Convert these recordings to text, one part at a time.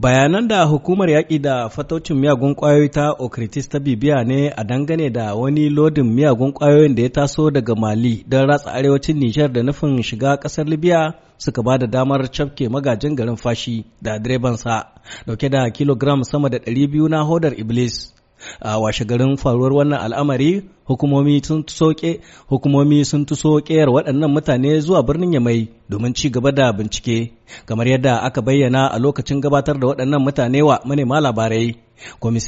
bayanan da hukumar yaƙi da fataucin miyagun ƙwayoyi ta okritis ta bibiya ne a dangane da wani lodin miyagun ƙwayoyin da ya taso daga mali don ratsa arewacin nijar da nufin shiga ƙasar libya suka ba da damar cafke magajin garin fashi da direbansa dauke da kilogram sama da 200 na hodar iblis a washe garin faruwar wannan al'amari hukumomi sun soke hukumomi sun tuso keyar waɗannan mutane zuwa birnin yamai domin ci gaba da bincike kamar yadda aka bayyana a lokacin gabatar da waɗannan mutane wa manema labarai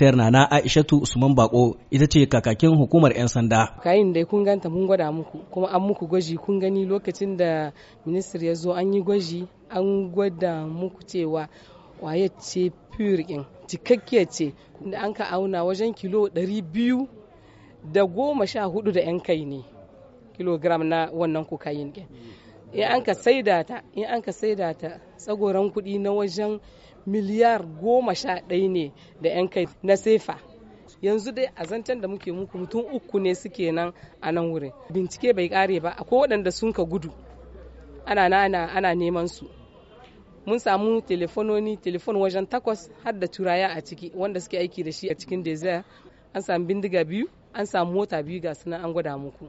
na nana aishatu usman bako ita ce kakakin hukumar 'yan sanda kayin da kun ganta mun gwada muku kuma an muku gwaji kun gani lokacin da ministar ya zo an yi gwaji an gwada muku cewa waye ce pure ɗin cikakkiyar ce da an ka auna wajen kilo 214 da 'yan kai ne kilogram na wannan kokain ɗin in an ka saida ta in an ka saida ta tsagoran kuɗi na wajen miliyar goma sha ɗaya ne da 'yan kai na sefa yanzu dai a zancen da muke muku mutum uku ne suke nan a nan wurin bincike bai kare ba akwai waɗanda sun ka gudu ana ana ana neman su mun samu telefononi telefon wajen takwas har da turaya a ciki wanda suke aiki da shi a cikin desert an samu bindiga biyu an samu mota biyu ga suna an gwada muku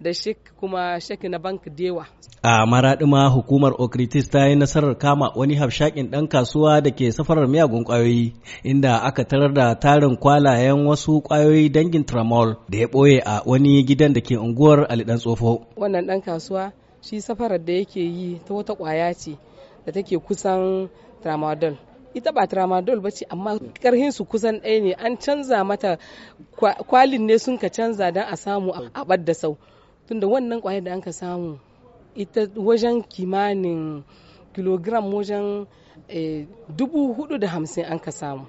da shek kuma shek na bank dewa a maraɗima hukumar okritis ta yi nasarar kama wani hafshakin ɗan kasuwa da ke safarar miyagun kwayoyi inda aka tarar da tarin kwalayen wasu kwayoyi dangin tramol da ya ɓoye a wani gidan da ke unguwar alidan tsofo wannan ɗan kasuwa shi safarar da yake yi ta wata kwaya ce da take kusan tramadol ita ba tramadol ba ce amma karhin su kusan ɗaya ne an canza mata kwalin ne sun ka canza don a samu a da sau tunda wannan kwayar da an ka samu ita wajen kimanin kilogram wajen eh, dubu hudu da hamsin an ka samu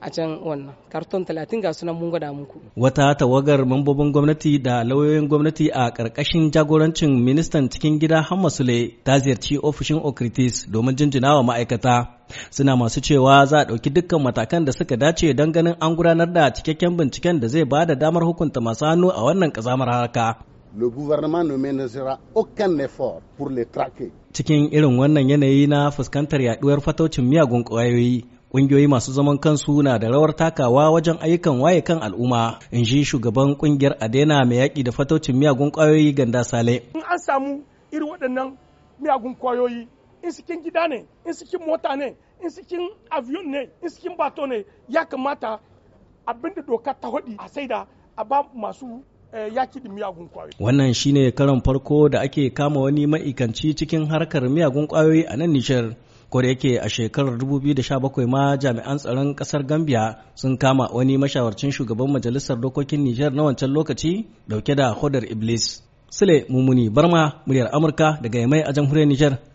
a can wannan karton 30 ga sunan mun gwada muku. Wata tawagar mambobin gwamnati da lauyoyin gwamnati a ƙarƙashin jagorancin ministan cikin gida Hamma Sule ta ziyarci ofishin Okritis domin jinjina wa ma'aikata. Suna masu cewa za a ɗauki dukkan matakan da suka dace don ganin an gudanar da cikakken binciken da zai ba da damar hukunta masu hannu a wannan ƙazamar haka. le gouvernement ne ménagera aucun effort pour les traquer. Cikin irin wannan yanayi na fuskantar yaduwar fataucin miyagun ƙwayoyi, Ƙungiyoyi masu zaman kansu na da rawar takawa wajen ayyukan waye kan al'umma, in ji shugaban ƙungiyar Adena mai yaƙi da fatocin miyagun ƙwayoyi ganda sale. In an samu irin waɗannan miyagun ƙwayoyi, in cikin gida ne, in cikin mota ne, in cikin avion ne, in cikin bato ne, ya kamata abinda doka ta hudi a saida a ba masu eh, yaki da miyagun kwayoyi. Wannan shine karon farko da ake kama wani ma'ikanci cikin harkar miyagun kwayoyi a nan Nijar. ko da yake a shekarar 2017 ma jami'an tsaron kasar gambia sun kama wani mashawarcin shugaban majalisar dokokin niger na wancan lokaci dauke da hodar iblis sule mumuni barma muryar amurka daga yamai a jamhuriyar niger.